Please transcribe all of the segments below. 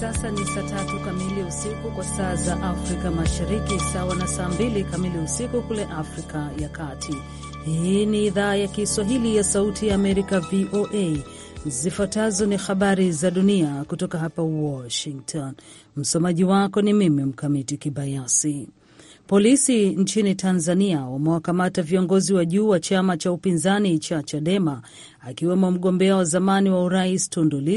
sasa ni saa tatu kamili usiku kwa saa za Afrika Mashariki, sawa na saa mbili kamili usiku kule Afrika ya Kati. Hii ni idhaa ya Kiswahili ya Sauti ya Amerika, VOA. Zifuatazo ni habari za dunia kutoka hapa Washington. Msomaji wako ni mimi Mkamiti Kibayasi. Polisi nchini Tanzania wamewakamata viongozi wa juu wa chama cha upinzani cha Chadema akiwemo mgombea wa zamani wa urais Tundu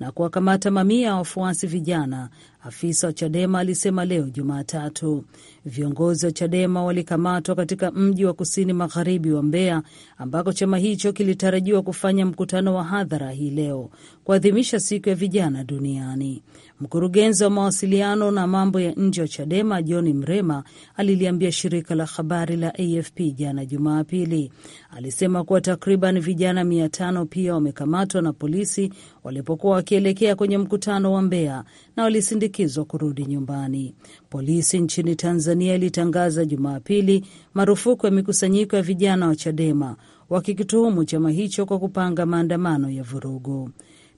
na kuwakamata mamia ya wafuasi vijana, afisa wa Chadema alisema leo Jumatatu. Viongozi wa Chadema walikamatwa katika mji wa kusini magharibi wa Mbeya ambako chama hicho kilitarajiwa kufanya mkutano wa hadhara hii leo kuadhimisha siku ya vijana duniani. Mkurugenzi wa mawasiliano na mambo ya nje wa CHADEMA John Mrema aliliambia shirika la habari la AFP jana Jumapili. Alisema kuwa takriban vijana mia tano pia wamekamatwa na polisi walipokuwa wakielekea kwenye mkutano wa Mbeya na walisindikizwa kurudi nyumbani. Polisi nchini Tanzania ilitangaza Jumapili marufuku ya mikusanyiko ya vijana wa CHADEMA wakikituhumu chama hicho kwa kupanga maandamano ya vurugu.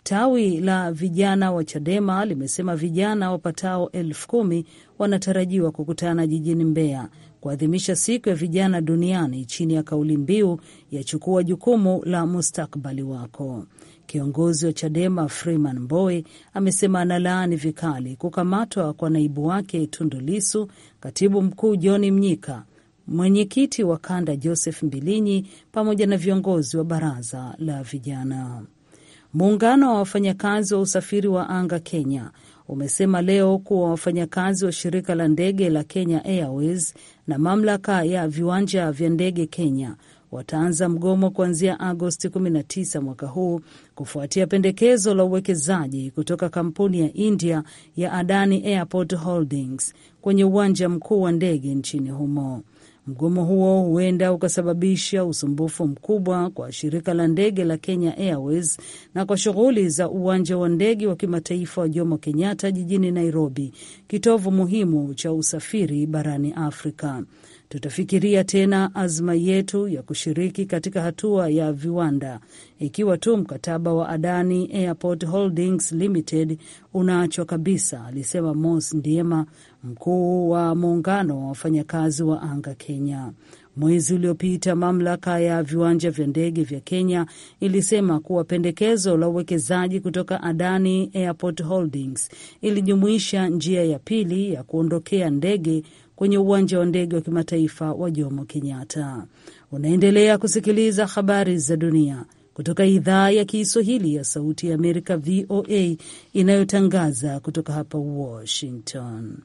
Tawi la vijana wa Chadema limesema vijana wapatao elfu kumi wanatarajiwa kukutana jijini Mbeya kuadhimisha siku ya vijana duniani chini ya kauli mbiu ya chukua jukumu la mustakbali wako. Kiongozi wa Chadema Freeman Mbowe amesema analaani vikali kukamatwa kwa naibu wake Tundu Lisu, katibu mkuu John Mnyika, mwenyekiti wa kanda Joseph Mbilinyi pamoja na viongozi wa baraza la vijana. Muungano wa wafanyakazi wa usafiri wa anga Kenya umesema leo kuwa wafanyakazi wa shirika la ndege la Kenya Airways na mamlaka ya viwanja vya ndege Kenya wataanza mgomo kuanzia Agosti 19 mwaka huu kufuatia pendekezo la uwekezaji kutoka kampuni ya India ya Adani Airport Holdings kwenye uwanja mkuu wa ndege nchini humo. Mgomo huo huenda ukasababisha usumbufu mkubwa kwa shirika la ndege la Kenya Airways na kwa shughuli za uwanja wa ndege wa kimataifa wa Jomo Kenyatta jijini Nairobi, kitovu muhimu cha usafiri barani Afrika. Tutafikiria tena azma yetu ya kushiriki katika hatua ya viwanda ikiwa tu mkataba wa Adani Airport Holdings Limited unaachwa kabisa, alisema Mos Ndiema, mkuu wa muungano wa wafanyakazi wa anga Kenya. Mwezi uliopita mamlaka ya viwanja vya ndege vya Kenya ilisema kuwa pendekezo la uwekezaji kutoka Adani Airport Holdings ilijumuisha njia ya pili ya kuondokea ndege kwenye uwanja wa ndege wa kimataifa wa Jomo Kenyatta. Unaendelea kusikiliza habari za dunia kutoka idhaa ya Kiswahili ya Sauti ya Amerika, VOA, inayotangaza kutoka hapa Washington.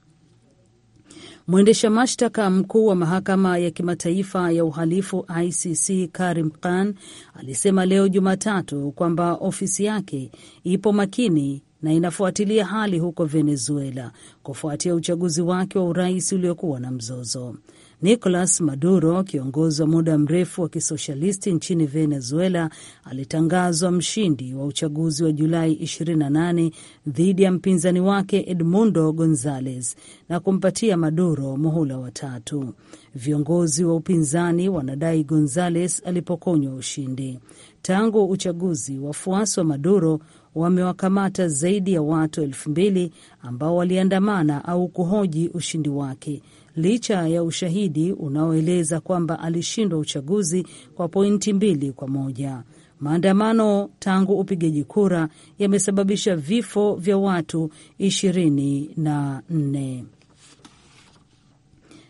Mwendesha mashtaka mkuu wa mahakama ya kimataifa ya uhalifu ICC Karim Khan alisema leo Jumatatu kwamba ofisi yake ipo makini na inafuatilia hali huko Venezuela kufuatia uchaguzi wake wa urais uliokuwa na mzozo. Nicolas Maduro, kiongozi wa muda mrefu wa kisoshalisti nchini Venezuela, alitangazwa mshindi wa uchaguzi wa Julai 28 dhidi ya mpinzani wake Edmundo Gonzalez na kumpatia Maduro muhula watatu Viongozi wa upinzani wanadai Gonzalez alipokonywa ushindi. Tangu uchaguzi, wafuasi wa Maduro wamewakamata zaidi ya watu elfu mbili ambao waliandamana au kuhoji ushindi wake licha ya ushahidi unaoeleza kwamba alishindwa uchaguzi kwa pointi mbili kwa moja. Maandamano tangu upigaji kura yamesababisha vifo vya watu ishirini na nne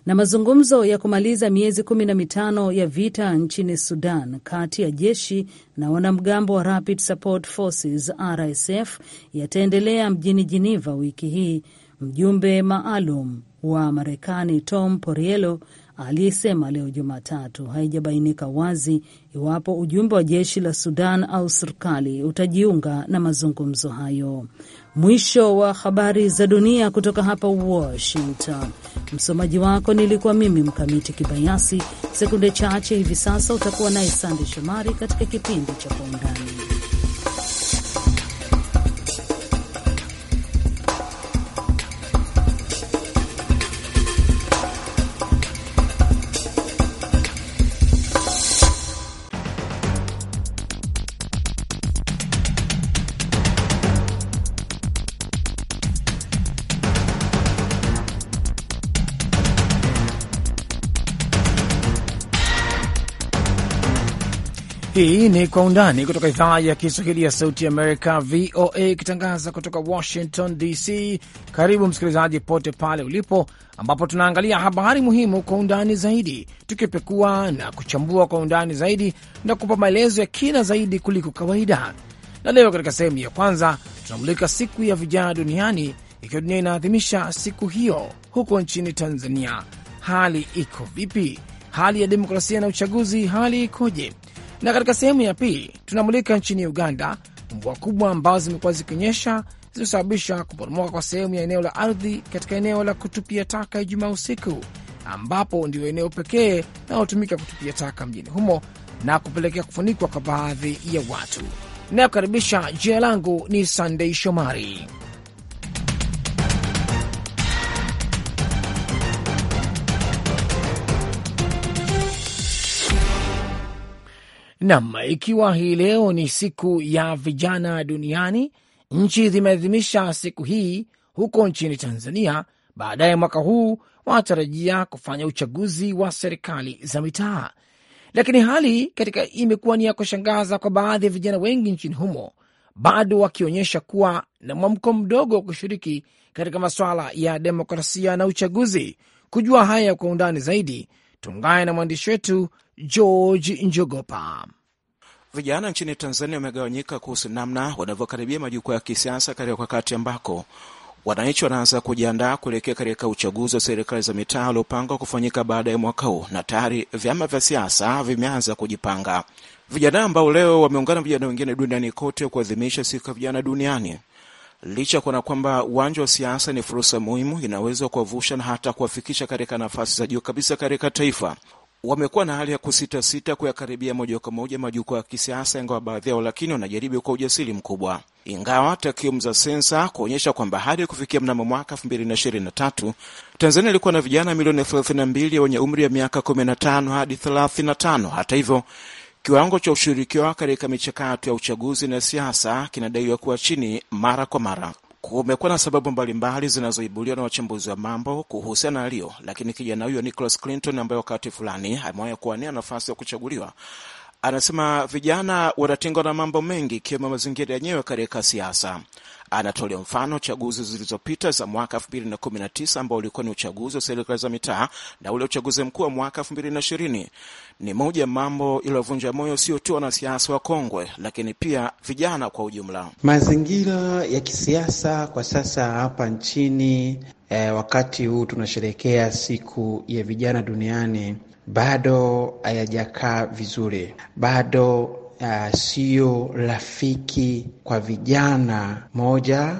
na mazungumzo ya kumaliza miezi kumi na mitano ya vita nchini Sudan kati ya jeshi na wanamgambo wa Rapid Support Forces RSF yataendelea mjini Jeneva wiki hii. Mjumbe maalum wa Marekani Tom Porielo aliyesema leo Jumatatu. Haijabainika wazi iwapo ujumbe wa jeshi la Sudan au serikali utajiunga na mazungumzo hayo. Mwisho wa habari za dunia kutoka hapa Washington. Msomaji wako nilikuwa mimi Mkamiti Kibayasi. Sekunde chache hivi sasa utakuwa naye Sande Shomari katika kipindi cha Kwa Undani. Hii ni Kwa Undani kutoka idhaa ya Kiswahili ya Sauti Amerika, VOA, ikitangaza kutoka Washington DC. Karibu msikilizaji pote pale ulipo, ambapo tunaangalia habari muhimu kwa undani zaidi, tukipekua na kuchambua kwa undani zaidi na kupa maelezo ya kina zaidi kuliko kawaida. Na leo katika sehemu ya kwanza tunamulika siku ya vijana duniani, ikiwa dunia inaadhimisha siku hiyo. Huko nchini Tanzania hali iko vipi? Hali ya demokrasia na uchaguzi, hali ikoje? Na katika sehemu ya pili tunamulika nchini Uganda, mvua kubwa ambazo zimekuwa zikionyesha zimesababisha kuporomoka kwa sehemu ya eneo la ardhi katika eneo la kutupia taka Ijumaa usiku, ambapo ndio eneo pekee linalotumika kutupia taka mjini humo na kupelekea kufunikwa kwa baadhi ya watu. Inayokaribisha, jina langu ni Sandei Shomari. Nam, ikiwa hii leo ni siku ya vijana duniani, nchi zimeadhimisha siku hii huko nchini Tanzania. Baadaye mwaka huu wanatarajia kufanya uchaguzi wa serikali za mitaa, lakini hali katika imekuwa ni ya kushangaza kwa baadhi ya vijana wengi nchini humo, bado wakionyesha kuwa na mwamko mdogo wa kushiriki katika masuala ya demokrasia na uchaguzi. Kujua haya kwa undani zaidi, tuungane na mwandishi wetu George Njogopa. Vijana nchini Tanzania wamegawanyika kuhusu namna wanavyokaribia majukwaa ya kisiasa katika wakati ambako wananchi wanaanza kujiandaa kuelekea katika uchaguzi wa serikali za mitaa uliopangwa kufanyika baada ya mwaka huu, na tayari vyama vya siasa vimeanza kujipanga. Vijana ambao leo wameungana vijana wengine duniani kote kuadhimisha siku ya vijana duniani, licha ya kuona kwamba uwanja wa siasa ni fursa muhimu inaweza kuwavusha na hata kuwafikisha katika nafasi za juu kabisa katika taifa wamekuwa na hali ya kusitasita kuyakaribia moja kwa moja majukwaa ya kisiasa, ingawa baadhi yao lakini wanajaribu kwa ujasiri mkubwa, ingawa takwimu za sensa kuonyesha kwamba hadi kufikia mnamo mwaka 2023 Tanzania ilikuwa na vijana milioni 32 wenye umri ya miaka 15 hadi 35. Hata hivyo kiwango cha ushiriki wao katika michakato ya uchaguzi na siasa kinadaiwa kuwa chini mara kwa mara. Kumekuwa na sababu mbalimbali zinazoibuliwa na wachambuzi wa mambo kuhusiana na lakini kijana huyo Nicholas Clinton ambaye wakati fulani amewahi kuwania nafasi ya kuchaguliwa Anasema vijana wanatengwa na mambo mengi ikiwemo mazingira yenyewe katika siasa. Anatolea mfano chaguzi zilizopita za mwaka 2019 ambao ulikuwa ni uchaguzi wa serikali za mitaa na ule uchaguzi mkuu wa mwaka 2020. Ni moja ya mambo iliyovunja moyo sio tu wanasiasa wa kongwe, lakini pia vijana kwa ujumla. Mazingira ya kisiasa kwa sasa hapa nchini eh, wakati huu tunasherehekea siku ya vijana duniani bado hayajakaa vizuri, bado Uh, ah, siyo rafiki kwa vijana, moja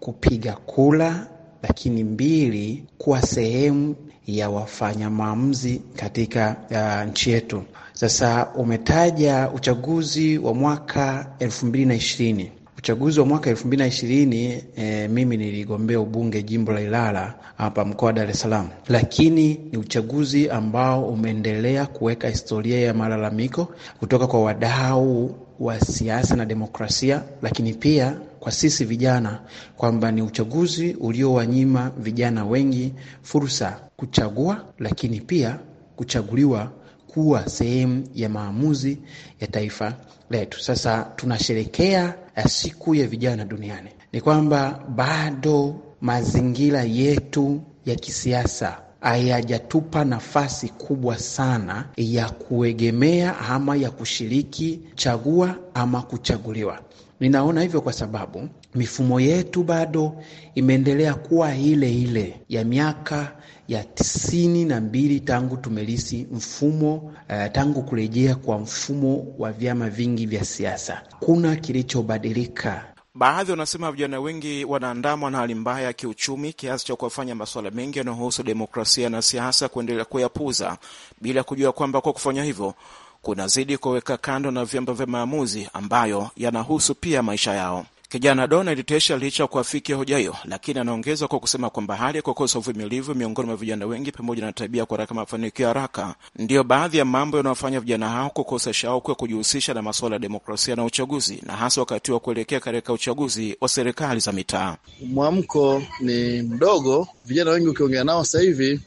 kupiga kula, lakini mbili kuwa sehemu ya wafanya maamuzi katika uh, nchi yetu. Sasa umetaja uchaguzi wa mwaka elfu mbili na ishirini Uchaguzi wa mwaka elfu mbili na ishirini e, mimi niligombea ubunge jimbo la Ilala hapa mkoa wa Dar es Salaam, lakini ni uchaguzi ambao umeendelea kuweka historia ya malalamiko kutoka kwa wadau wa siasa na demokrasia, lakini pia kwa sisi vijana kwamba ni uchaguzi uliowanyima vijana wengi fursa kuchagua, lakini pia kuchaguliwa kuwa sehemu ya maamuzi ya taifa letu. Sasa tunasherekea ya siku ya vijana duniani ni kwamba bado mazingira yetu ya kisiasa hayajatupa nafasi kubwa sana ya kuegemea ama ya kushiriki chagua ama kuchaguliwa. Ninaona hivyo kwa sababu mifumo yetu bado imeendelea kuwa ile ile ya miaka ya tisini na mbili tangu tumelisi mfumo uh, tangu kurejea kwa mfumo wa vyama vingi vya siasa. Kuna kilichobadilika. Baadhi wanasema vijana wengi wanaandamwa na hali mbaya ya kiuchumi kiasi cha kuwafanya masuala mengi yanayohusu demokrasia na siasa kuendelea kuyapuza bila kujua kwamba kwa kufanya hivyo kunazidi kuweka kando na vyombo vya maamuzi ambayo yanahusu pia maisha yao. Kijana Donald Tesha licha kuafikia hoja hiyo, lakini anaongeza kwa kusema kwamba hali ya kukosa uvumilivu miongoni mwa vijana wengi pamoja na tabia raka mafanikio haraka ndiyo baadhi ya mambo yanayofanya vijana hao kukosa shauku ya kujihusisha na masuala ya demokrasia na uchaguzi, na hasa wakati wa kuelekea katika uchaguzi wa serikali za mitaa. Mwamko ni mdogo. Vijana wengi ukiongea nao sasa hivi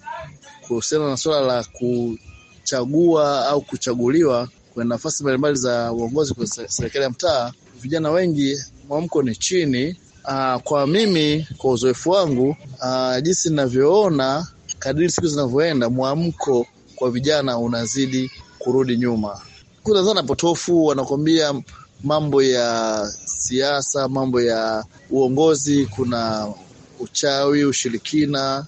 kuhusiana na suala la ku kuchagua au kuchaguliwa kwenye nafasi mbalimbali za uongozi kwenye serikali ya mtaa, vijana wengi mwamko ni chini. Aa, ah, kwa mimi kwa uzoefu wangu aa, ah, jinsi ninavyoona, kadiri siku zinavyoenda, mwamko kwa vijana unazidi kurudi nyuma. Kuna dhana potofu, wanakwambia mambo ya siasa, mambo ya uongozi, kuna uchawi, ushirikina.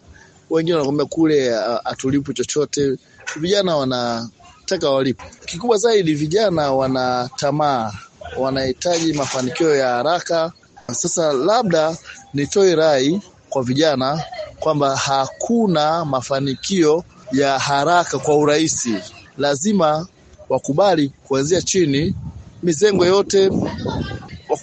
Wengine wanakwambia kule ah, atulipu chochote vijana wanataka walipo. Kikubwa zaidi, vijana wana tamaa, wanahitaji mafanikio ya haraka. Sasa labda nitoe rai kwa vijana kwamba hakuna mafanikio ya haraka kwa urahisi, lazima wakubali kuanzia chini mizengo yote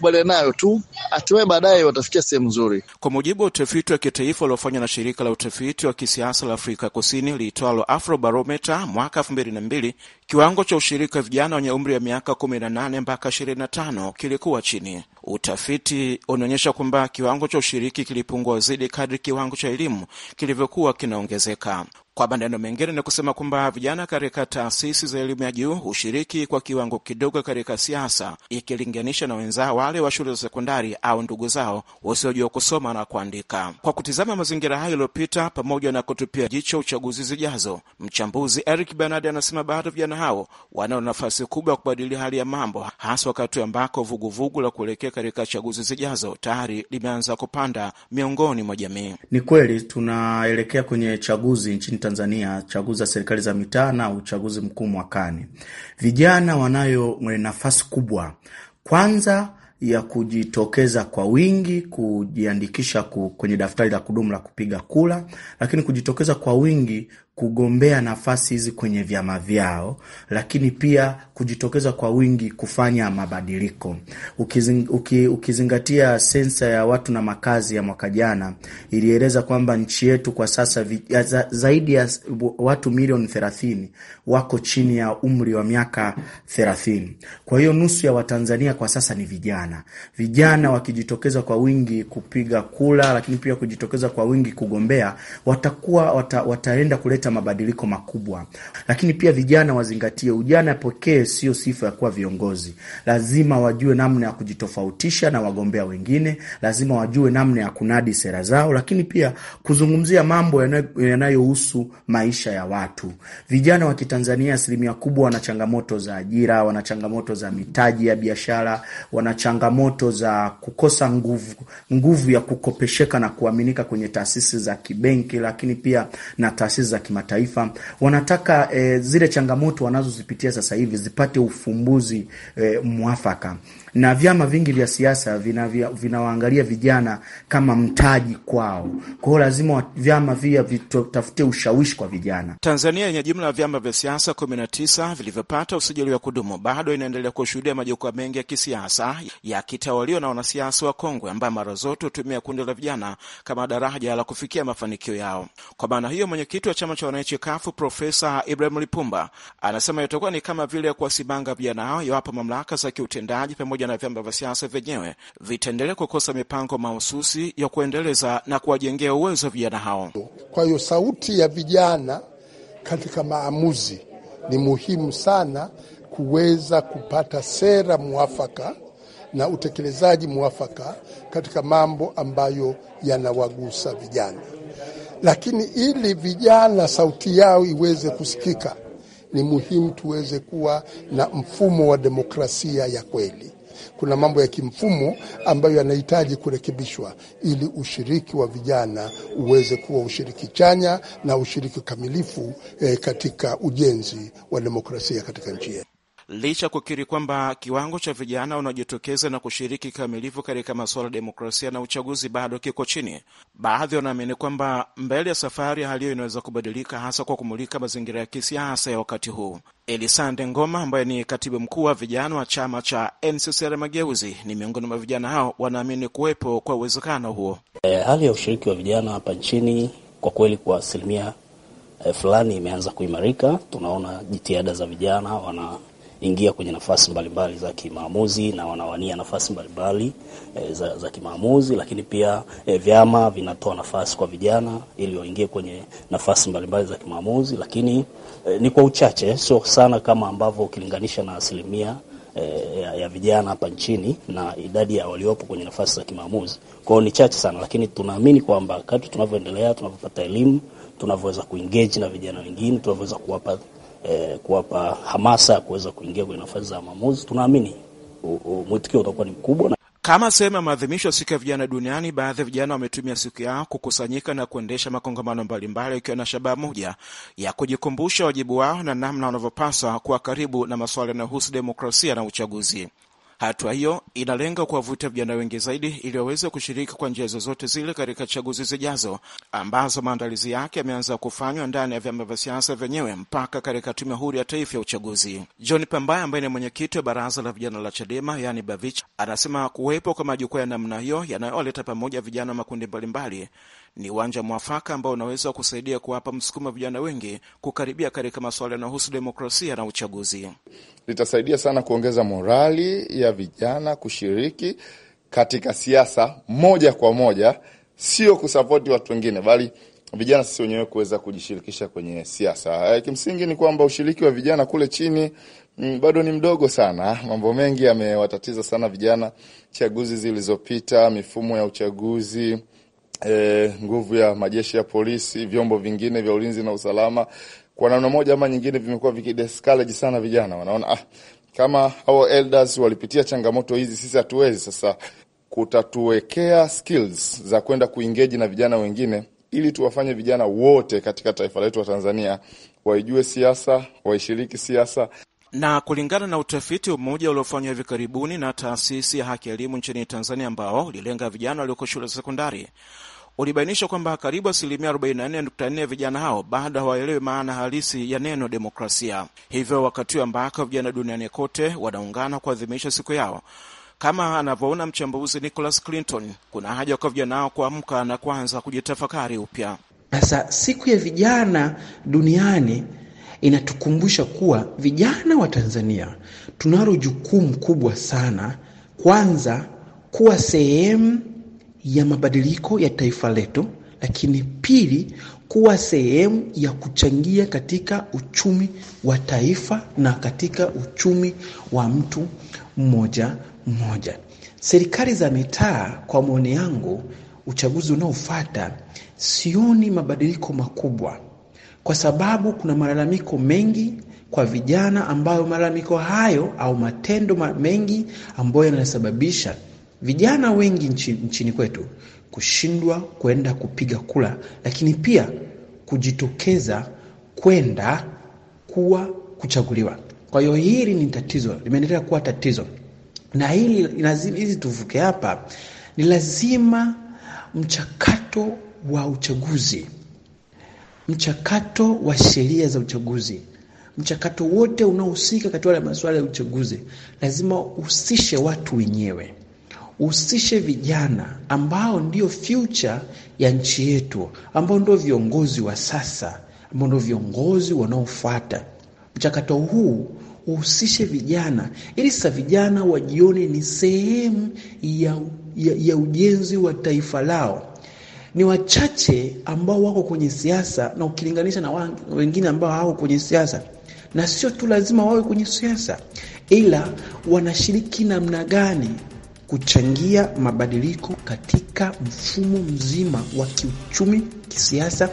tukubaliana nayo tu, hatimaye baadaye watafikia sehemu nzuri. Kwa mujibu wa utafiti wa kitaifa uliofanywa na shirika la utafiti wa kisiasa la Afrika Kusini liitwalo Afrobarometa mwaka elfu mbili na mbili, kiwango cha ushirika vijana wenye umri wa miaka 18 mpaka 25 kilikuwa chini. Utafiti unaonyesha kwamba kiwango cha ushiriki kilipungua zaidi kadri kiwango cha elimu kilivyokuwa kinaongezeka. Kwa maneno mengine ni kusema kwamba vijana katika taasisi za elimu ya juu hushiriki kwa kiwango kidogo katika siasa ikilinganisha na wenzao wale wa shule za sekondari au ndugu zao wasiojua kusoma na kuandika. Kwa kutizama mazingira hayo yaliyopita, pamoja na kutupia jicho uchaguzi zijazo, mchambuzi Eric Bernard anasema bado vijana hao wanao nafasi kubwa ya kubadilia hali ya mambo, hasa wakati ambako vuguvugu la kuelekea katika chaguzi zijazo tayari limeanza kupanda miongoni mwa jamii. Ni kweli tunaelekea kwenye chaguzi nchini Tanzania, chaguzi za serikali za mitaa na uchaguzi mkuu mwakani, vijana wanayo nafasi kubwa. Kwanza ya kujitokeza kwa wingi kujiandikisha kwenye daftari la kudumu la kupiga kura, lakini kujitokeza kwa wingi kugombea nafasi hizi kwenye vyama vyao, lakini pia kujitokeza kwa wingi kufanya mabadiliko. Ukizing, uki, ukizingatia sensa ya watu na makazi ya mwaka jana ilieleza kwamba nchi yetu kwa sasa za, zaidi ya watu milioni thelathini wako chini ya umri wa miaka thelathini. Kwa hiyo nusu ya Watanzania kwa sasa ni vijana vijana, vijana wakijitokeza kwa wingi kupiga kula, lakini pia kujitokeza kwa wingi kugombea, watakuwa wata, wataenda kuleta mabadiliko makubwa. Lakini pia vijana wazingatie, ujana pekee sio sifa ya kuwa viongozi. Lazima wajue namna ya kujitofautisha na wagombea wengine, lazima wajue namna ya kunadi sera zao, lakini pia kuzungumzia mambo yanayohusu maisha ya watu. Vijana wa Kitanzania asilimia kubwa wana changamoto za ajira, wana changamoto za mitaji ya biashara, wana changamoto za kukosa nguvu, nguvu ya kukopesheka na kuaminika kwenye taasisi za kibenki, lakini pia na taasisi za kimataifa. Wanataka e, zile changamoto wanazozipitia sasa hivi zipate ufumbuzi e, mwafaka na vyama vingi vya siasa vinawaangalia vina vijana kama mtaji kwao. Kwa hiyo lazima vyama via vitafute ushawishi kwa vijana. Tanzania yenye jumla ya vyama vya siasa 19 vilivyopata usajili wa kudumu bado inaendelea kushuhudia majukwaa mengi ya kisiasa yakitawaliwa na wanasiasa wa kongwe ambaye mara zote hutumia kundi la vijana kama daraja la kufikia mafanikio yao. Kwa maana hiyo, mwenyekiti wa chama cha wananchi kafu Profesa Ibrahim Lipumba anasema itakuwa ni kama vile kuwasimanga vijana hao iwapo mamlaka za kiutendaji pamoja pamoja na vyama vya siasa vyenyewe vitaendelea kukosa mipango mahususi ya kuendeleza na kuwajengea uwezo vijana hao. Kwa hiyo sauti ya vijana katika maamuzi ni muhimu sana kuweza kupata sera mwafaka na utekelezaji mwafaka katika mambo ambayo yanawagusa vijana. Lakini ili vijana sauti yao iweze kusikika, ni muhimu tuweze kuwa na mfumo wa demokrasia ya kweli kuna mambo ya kimfumo ambayo yanahitaji kurekebishwa ili ushiriki wa vijana uweze kuwa ushiriki chanya na ushiriki kamilifu eh, katika ujenzi wa demokrasia katika nchi yetu licha ya kukiri kwamba kiwango cha vijana wanaojitokeza na kushiriki kikamilifu katika masuala ya demokrasia na uchaguzi bado kiko chini. Baadhi wanaamini kwamba mbele ya safari hali hiyo inaweza kubadilika, hasa kwa kumulika mazingira ya kisiasa ya wakati huu. Elisande Ngoma ambaye ni katibu mkuu wa vijana wa chama cha NCCR Mageuzi ni miongoni mwa vijana hao, wanaamini kuwepo kwa uwezekano huo. E, hali ya ushiriki wa vijana hapa nchini kwa kweli kwa asilimia e, fulani imeanza kuimarika. Tunaona jitihada za vijana wana wanaingia kwenye nafasi mbalimbali za kimaamuzi na wanawania nafasi mbalimbali e, za, za kimaamuzi, lakini pia e, vyama vinatoa nafasi kwa vijana ili waingie kwenye nafasi mbalimbali za kimaamuzi, lakini e, ni kwa uchache, sio sana kama ambavyo ukilinganisha na asilimia e, ya, ya vijana hapa nchini na idadi ya waliopo kwenye nafasi za kimaamuzi. Kwa ni chache sana, lakini tunaamini kwamba kadri tunavyoendelea, tunavyopata elimu tunavyoweza kuengage na vijana wengine, tunavyoweza kuwapa eh, kuwapa hamasa kuweza kuingia kwenye nafasi za maamuzi. Tunaamini mwitikio utakuwa ni mkubwa na... Kama sehemu ya maadhimisho ya siku ya vijana duniani, baadhi ya vijana wametumia siku yao kukusanyika na kuendesha makongamano mbalimbali, ikiwa na shabaha moja ya kujikumbusha wajibu wao na namna wanavyopaswa kuwa karibu na masuala yanayohusu demokrasia na uchaguzi. Hatua hiyo inalenga kuwavuta vijana wengi zaidi ili waweze kushiriki kwa njia zozote zile katika chaguzi zijazo ambazo maandalizi yake yameanza kufanywa ndani ya vyama vya siasa vyenyewe mpaka katika Tume Huru ya Taifa ya Uchaguzi. John Pambaya ambaye ni mwenyekiti wa Baraza la Vijana la Chadema yani BAVICH anasema kuwepo kwa majukwaa ya namna hiyo yanayowaleta pamoja vijana wa makundi mbalimbali ni uwanja mwafaka ambao unaweza kusaidia kuwapa msukuma vijana wengi kukaribia katika masuala yanayohusu demokrasia na uchaguzi. Litasaidia sana kuongeza morali ya vijana kushiriki katika siasa moja kwa moja, sio kusapoti watu wengine, bali vijana sisi wenyewe kuweza kujishirikisha kwenye siasa. Eh, kimsingi ni kwamba ushiriki wa vijana kule chini mm, bado ni mdogo sana. Mambo mengi yamewatatiza sana vijana, chaguzi zilizopita, mifumo ya uchaguzi e, nguvu ya majeshi ya polisi, vyombo vingine vya ulinzi na usalama, kwa namna moja ama nyingine vimekuwa vikidiscourage sana vijana. Wanaona ah, kama hao elders walipitia changamoto hizi, sisi hatuwezi sasa kutatuwekea skills za kwenda kuingeji na vijana wengine ili tuwafanye vijana wote katika taifa letu la Tanzania waijue siasa, waishiriki siasa. Na kulingana na utafiti mmoja uliofanywa hivi karibuni na taasisi ya Haki Elimu nchini Tanzania, ambao ulilenga vijana walioko shule za sekondari, ulibainishwa kwamba karibu asilimia 44.4 ya vijana hao bado hawaelewi maana halisi ya neno demokrasia. Hivyo wakati ambako vijana duniani kote wanaungana kuadhimisha siku yao, kama anavyoona mchambuzi Nicholas Clinton, kuna haja kwa vijana hao kuamka na kuanza kujitafakari upya. Sasa siku ya vijana duniani inatukumbusha kuwa vijana wa Tanzania tunalo jukumu kubwa sana, kwanza kuwa sehemu ya mabadiliko ya taifa letu, lakini pili, kuwa sehemu ya kuchangia katika uchumi wa taifa na katika uchumi wa mtu mmoja mmoja. Serikali za mitaa, kwa maoni yangu, uchaguzi unaofuata sioni mabadiliko makubwa, kwa sababu kuna malalamiko mengi kwa vijana, ambayo malalamiko hayo au matendo mengi ambayo yanasababisha vijana wengi nchini, nchini kwetu kushindwa kwenda kupiga kura, lakini pia kujitokeza kwenda kuwa kuchaguliwa. Kwa hiyo hili ni tatizo, limeendelea kuwa tatizo, na hili lazima hizi tuvuke hapa, ni lazima mchakato wa uchaguzi, mchakato wa sheria za uchaguzi, mchakato wote unaohusika katika masuala ya uchaguzi lazima uhusishe watu wenyewe uhusishe vijana ambao ndio future ya nchi yetu, ambao ndio viongozi wa sasa, ambao ndio viongozi wanaofuata. Mchakato huu uhusishe vijana ili sasa vijana wajione ni sehemu ya, ya, ya ujenzi wa taifa lao. Ni wachache ambao wako kwenye siasa na ukilinganisha na wengine ambao hawako kwenye siasa, na sio tu lazima wawe kwenye siasa, ila wanashiriki namna gani kuchangia mabadiliko katika mfumo mzima wa kiuchumi, kisiasa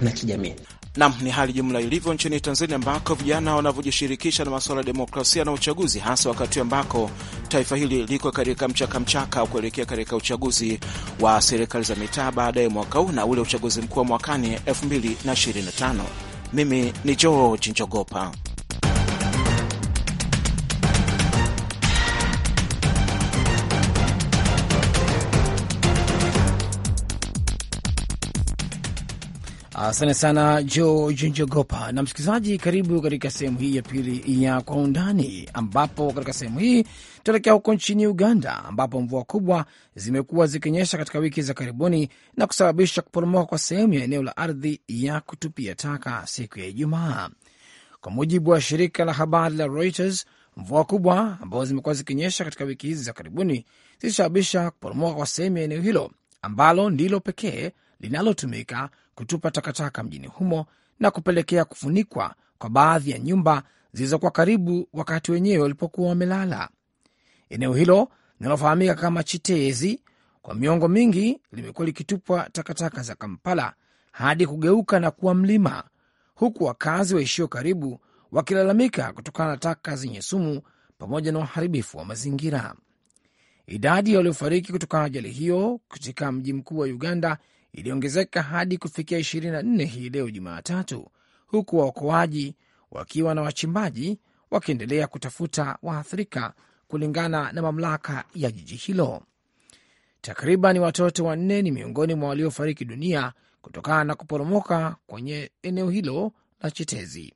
na kijamii. Nam ni hali jumla ilivyo nchini Tanzania, ambako vijana wanavyojishirikisha na masuala ya demokrasia na uchaguzi, hasa wakati ambako taifa hili liko katika mchakamchaka wa kuelekea katika uchaguzi wa serikali za mitaa baadaye mwaka huu na ule uchaguzi mkuu wa mwakani 2025. Mimi ni George Njogopa. Asante sana George Njogopa. Na msikilizaji, karibu katika sehemu hii ya pili ya Kwa Undani, ambapo katika sehemu hii tuelekea huko nchini Uganda, ambapo mvua kubwa zimekuwa zikinyesha katika wiki za karibuni na kusababisha kuporomoka kwa sehemu ya eneo la ardhi ya kutupia taka siku ya Ijumaa. Kwa mujibu wa shirika la habari la Reuters, mvua kubwa ambazo zimekuwa zikinyesha katika wiki hizi za karibuni zilisababisha kuporomoka kwa sehemu ya eneo hilo ambalo ndilo pekee linalotumika kutupa takataka mjini humo na kupelekea kufunikwa kwa baadhi ya nyumba zilizokuwa karibu wakati wenyewe walipokuwa wamelala. Eneo hilo linalofahamika kama Chitezi kwa miongo mingi limekuwa likitupwa takataka za Kampala hadi kugeuka na kuwa mlima, huku wakazi waishio karibu wakilalamika kutokana na taka zenye sumu pamoja na uharibifu wa mazingira. Idadi ya waliofariki kutokana na ajali hiyo katika mji mkuu wa Uganda iliongezeka hadi kufikia 24 hii leo Jumatatu, huku waokoaji wakiwa na wachimbaji wakiendelea kutafuta waathirika, kulingana na mamlaka ya jiji hilo. Takriban watoto wanne ni miongoni mwa waliofariki dunia kutokana na kuporomoka kwenye eneo hilo la Chetezi.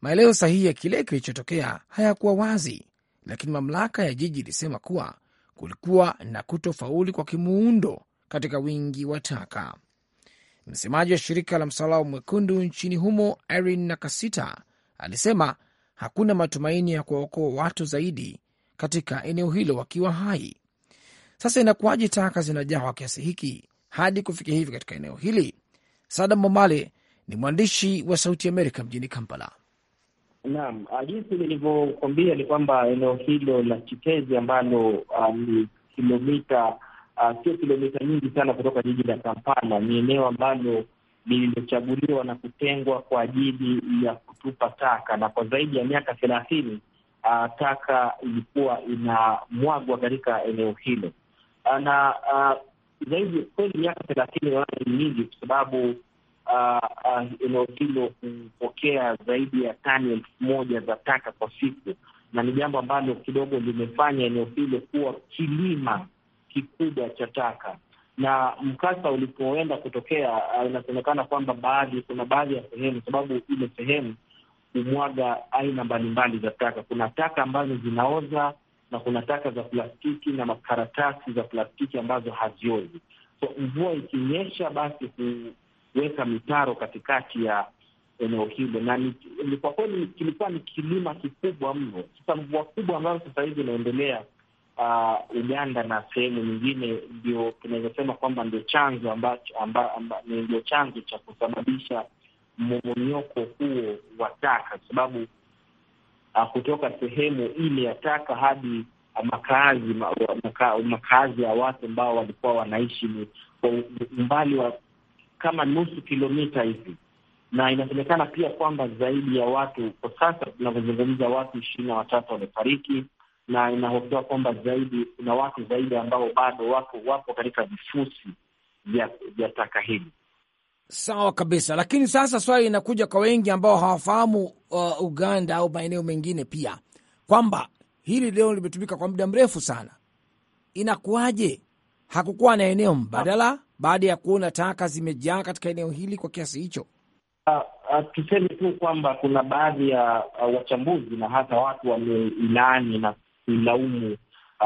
Maelezo sahihi ya kile kilichotokea hayakuwa wazi, lakini mamlaka ya jiji ilisema kuwa kulikuwa na kutofauli kwa kimuundo katika wingi wa taka. Msemaji wa shirika la Msalaba Mwekundu nchini humo Irene Nakasita alisema hakuna matumaini ya kuwaokoa watu zaidi katika eneo hilo wakiwa hai. Sasa inakuwaje taka zinajaa kwa kiasi hiki hadi kufikia hivi katika eneo hili? Sadam Momale ni mwandishi wa Sauti Amerika mjini Kampala. Naam, ah, jinsi nilivyokwambia ni kwamba eneo hilo la Chitezi ambalo ah, ni um, kilomita Ah, sio kilomita nyingi sana kutoka jiji la Kampala. Ni eneo ambalo lililochaguliwa na kutengwa kwa ajili ya kutupa taka, na kwa zaidi ya miaka thelathini uh, taka ilikuwa inamwagwa katika eneo hilo uh, na uh, zaidi kweli miaka thelathini wanaona ni nyingi kwa sababu uh, uh, eneo hilo hupokea zaidi ya tani elfu moja za taka kwa siku, na ni jambo ambalo kidogo limefanya eneo hilo kuwa kilima kikubwa cha taka, na mkasa ulipoenda kutokea, uh, inasemekana kwamba baadhi, kuna baadhi ya sehemu, sababu ile sehemu humwaga aina mbalimbali za taka. Kuna taka ambazo zinaoza na kuna taka za plastiki na makaratasi za plastiki ambazo haziozi. So mvua ikinyesha, basi huweka mitaro katikati ya eneo hilo, na kwa kweli kilikuwa ni kilima kikubwa mno. Sasa mvua kubwa ambayo sasa hivi inaendelea uh, Uganda na sehemu nyingine, ndio tunawezasema kwamba ndio chanzo ambacho amba, amba, ndio chanzo cha kusababisha mmomonyoko huo wa taka, kwa sababu uh, kutoka sehemu ile ya taka hadi uh, makazi maka, makazi ya watu ambao walikuwa wanaishi ni kwa umbali wa kama nusu kilomita hivi, na inasemekana pia kwamba zaidi ya watu kwa sasa tunavyozungumza, watu ishirini na watatu wamefariki na inahofiwa kwamba zaidi kuna watu zaidi ambao bado wako wapo katika vifusi vya taka hili. Sawa kabisa, lakini sasa swali linakuja kwa wengi ambao hawafahamu uh, Uganda au maeneo mengine pia kwamba hili leo limetumika kwa muda mrefu sana. Inakuwaje hakukuwa na eneo mbadala baada ya kuona taka zimejaa katika eneo hili kwa kiasi hicho? Uh, uh, tuseme tu kwamba kuna baadhi ya uh, wachambuzi na hata watu walioilani na kuilaumu uh,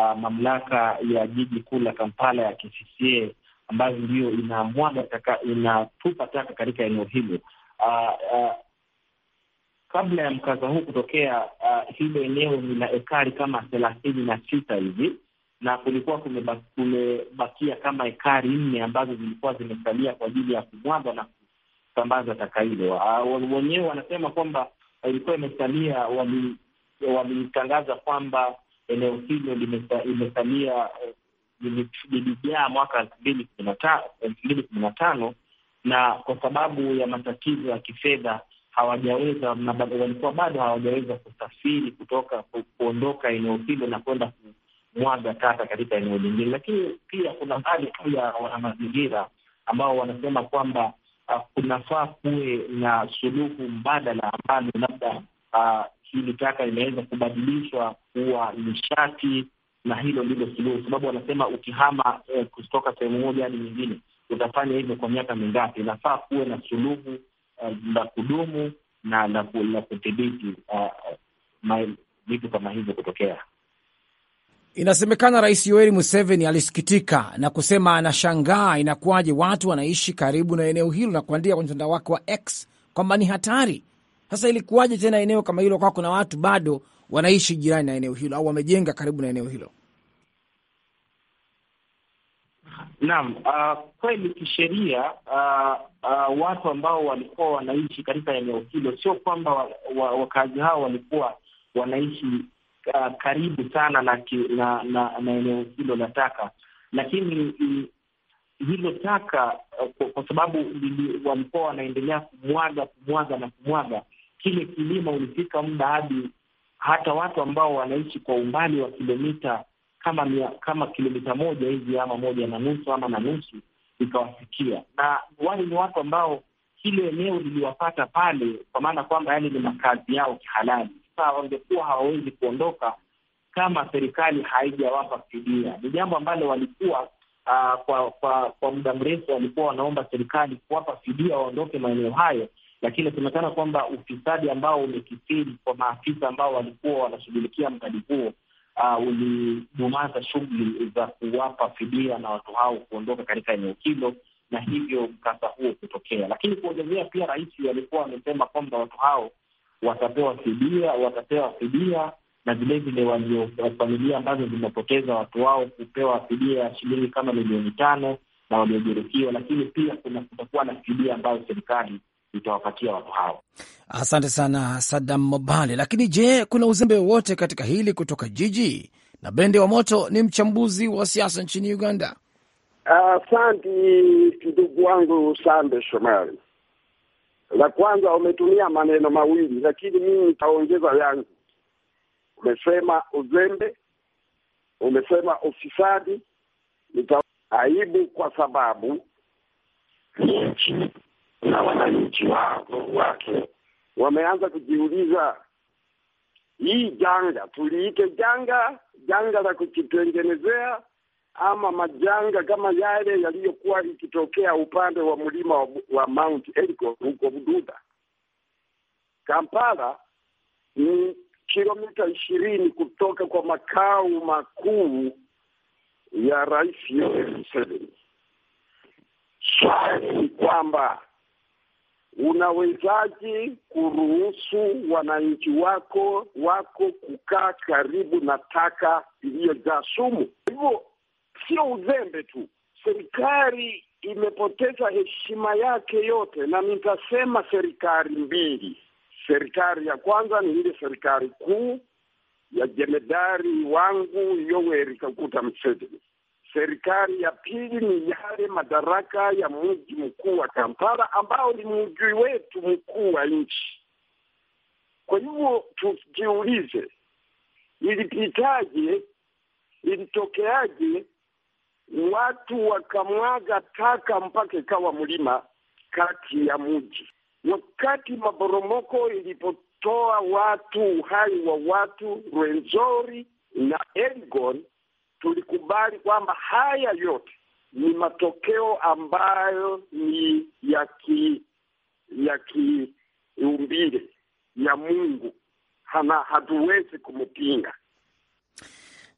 ah, mamlaka ya jiji kuu la Kampala ya KCCA ambayo ndiyo inamwaga taka, inatupa taka katika eneo hilo uh, uh, kabla ya mkaza huu kutokea uh, hilo eneo ni la ekari kama thelathini na sita hivi na kulikuwa kumebakia kama ekari nne ambazo zilikuwa zimesalia kwa ajili ya kumwaga na kusambaza taka hilo. Uh, wenyewe wanasema kwamba ilikuwa imesalia, walitangaza wali kwamba eneo hilo limefanyia lilijaa eh, mwaka elfu mbili kumi na tano na kwa sababu ya matatizo ya kifedha hawajaweza walikuwa bado hawajaweza kusafiri kutoka kuondoka eneo hilo na kwenda kumwaga taka katika eneo lingine. Lakini pia kuna hali tu ya wanamazingira ambao wanasema kwamba uh, kunafaa kuwe na suluhu mbadala ambalo labda uh, hili taka inaweza kubadilishwa kuwa nishati, na hilo ndilo suluhu, sababu wanasema ukihama eh, kutoka sehemu moja hadi nyingine utafanya hivyo kwa miaka mingapi? Inafaa kuwe na suluhu eh, la kudumu na la kudhibiti eh, vitu eh, kama hivyo kutokea. Inasemekana Rais Yoweri Museveni alisikitika na kusema anashangaa inakuwaje watu wanaishi karibu na eneo hilo, na kuandika kwenye mtandao wake wa X kwamba ni hatari sasa ilikuwaje tena eneo kama hilo kwa kuna watu bado wanaishi jirani na eneo hilo au wamejenga karibu na eneo hilo? Naam, uh, kweli kisheria, uh, uh, watu ambao walikuwa wanaishi katika eneo hilo, sio kwamba wakazi wa, wa hao walikuwa wanaishi uh, karibu sana na na, na, na eneo hilo la taka, lakini mm, hilo taka uh, kwa sababu walikuwa wanaendelea kumwaga kumwaga na kumwaga kile kilima ulifika muda hadi hata watu ambao wanaishi kwa umbali wa kilomita kama mia, kama kilomita moja hivi ama moja na nusu ama na nusu ikawafikia, na wale ni watu ambao kile eneo liliwapata pale, kwa maana kwamba yani ni makazi yao kihalali. Sasa wangekuwa hawawezi kuondoka kama serikali haijawapa fidia. Ni jambo ambalo walikuwa uh, kwa kwa kwa muda mrefu walikuwa wanaomba serikali kuwapa fidia waondoke maeneo hayo, lakini inasemekana kwamba ufisadi ambao umekithiri kwa maafisa ambao walikuwa wanashughulikia mradi huo uh, ulidumaza shughuli za kuwapa fidia na watu hao kuondoka katika eneo hilo na hivyo mkasa huo kutokea. Lakini kuongezea pia, rais alikuwa amesema kwamba watu hao watapewa fidia, watapewa fidia na vilevile walio familia ambazo zimepoteza watu wao kupewa fidia ya shilingi kama milioni tano na waliojeruhiwa, lakini pia kuna kutakuwa na fidia ambayo serikali itawapatia watu hao. Asante sana Sadam Mobale. Lakini je, kuna uzembe wowote katika hili kutoka jiji? Na Bende wa Moto ni mchambuzi wa siasa nchini Uganda. Asanti uh, ndugu wangu Sande Shomari. La kwanza umetumia maneno mawili, lakini mimi nitaongeza yangu. Umesema uzembe, umesema ufisadi, nita aibu kwa sababu nchi na wananchi wao wake wameanza kujiuliza hii janga tuliite janga janga la kujitengenezea ama majanga kama yale yaliyokuwa ikitokea upande wa mlima wa, wa Mount Elgon huko Bududa. Kampala ni kilomita ishirini kutoka kwa makao makuu ya Rais Yoweri Museveni. Swali ni kwamba Unawezaje kuruhusu wananchi wako wako kukaa karibu na taka iliyojaa sumu? Hivyo sio uzembe tu, serikali imepoteza heshima yake yote, na nitasema serikali mbili. Serikali ya kwanza ni ile serikali kuu ya jemedari wangu Yoweri Kaguta Museveni serikali ya pili ni yale madaraka ya mji mkuu wa Kampala, ambao ni mji wetu mkuu wa nchi. Kwa hivyo tujiulize, ilipitaje? Ilitokeaje watu wakamwaga taka mpaka ikawa mlima kati ya mji? Wakati maboromoko ilipotoa watu, uhai wa watu Rwenzori na Elgon tulikubali kwamba haya yote ni matokeo ambayo ni ya ki ya kiumbile ya Mungu, hana hatuwezi kumpinga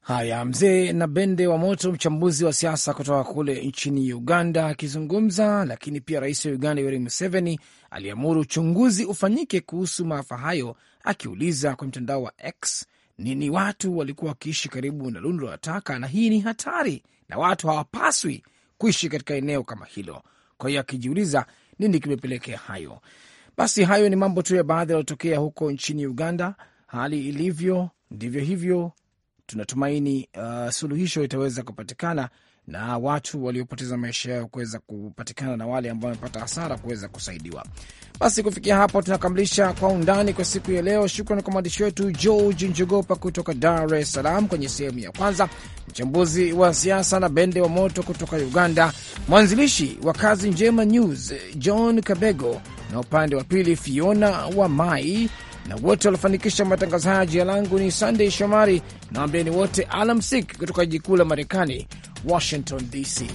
Haya, mzee na Bende wa Moto, mchambuzi wa siasa kutoka kule nchini Uganda akizungumza. Lakini pia rais wa Uganda Yoweri Museveni aliamuru uchunguzi ufanyike kuhusu maafa hayo, akiuliza kwa mtandao wa X ni, ni watu walikuwa wakiishi karibu na lundo la taka, na hii ni hatari na watu hawapaswi kuishi katika eneo kama hilo. Kwa hiyo akijiuliza nini kimepelekea hayo. Basi hayo ni mambo tu ya baadhi yaliyotokea huko nchini Uganda. Hali ilivyo ndivyo hivyo, tunatumaini uh, suluhisho itaweza kupatikana na watu waliopoteza maisha yao kuweza kupatikana na wale ambao wamepata hasara kuweza kusaidiwa. Basi kufikia hapo tunakamilisha Kwa Undani kwa siku ya leo. shukran kwa mwandishi wetu George Njogopa kutoka Dar es Salaam kwenye sehemu ya kwanza, mchambuzi wa siasa na bende wa moto kutoka Uganda, mwanzilishi wa Kazi Njema News John Kabego, na upande wa pili Fiona wa Mai na wote waliofanikisha matangazo haya. Jina langu ni Sandey Shomari na wambieni wote alamsik kutoka jiji kuu la Marekani, Washington DC.